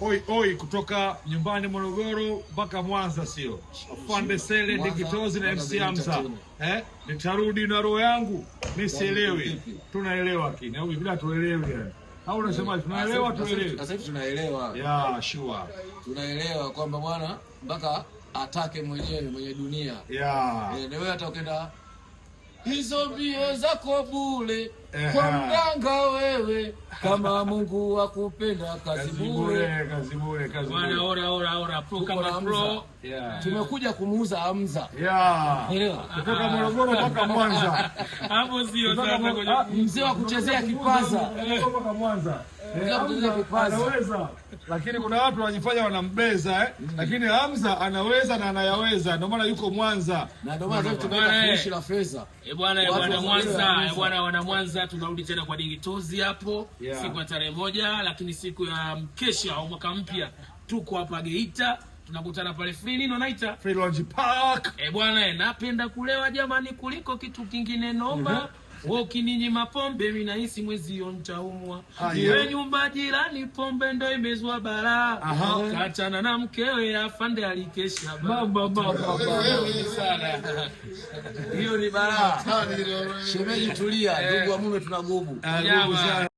Oi, oi kutoka nyumbani Morogoro mpaka Mwanza, sio afande Sele Dikitozi na MC Hamza eh? Nitarudi na roho yangu, mi sielewi. Tunaelewa kini au bila tuelewi au eh, unasema tunaelewa, tuelewi. Sasa hivi tunaelewa, yeah, sure, tunaelewa kwamba bwana mpaka atake mwenyewe mwenye dunia yeah. ndio hata ukenda hizo mbio zako bule kwa mganga wewe, kama Mungu akupenda kazi bure, kazi bure, kazi bure. ora ora ora pro kama pro. Tumekuja kumuuza Hamza. Yeah. Elewa. Kutoka Morogoro ah. mpaka Mwanza. Hapo sio ah, mzee wa kuchezea kipaza. Eh. Kutoka Mwanza anaweza lakini kuna watu wanajifanya wanambeza eh? mm. Lakini Hamza anaweza na anayaweza, ndio maana yuko Mwanza na ndio maana tunaenda kuishi la fedha. Eh bwana, eh bwana Mwanza, eh bwana, wana Mwanza, tunarudi tena kwa Digitozi hapo yeah. Siku ya tarehe moja, lakini siku ya mkesha au mwaka mpya tuko hapa Geita tunakutana pale free nino naita free lounge park. Eh bwana, eh, napenda kulewa jamani kuliko kitu kingine noma mm -hmm. Ukininyima pombe minahisi mwezi ntaumwa, iwe nyumba jirani pombe ndo imezwa bara Katana na mkewe afande alikesha sana, hiyo ni balaa. Shemeji tulia, eh. ndugu wa mume tunagubu.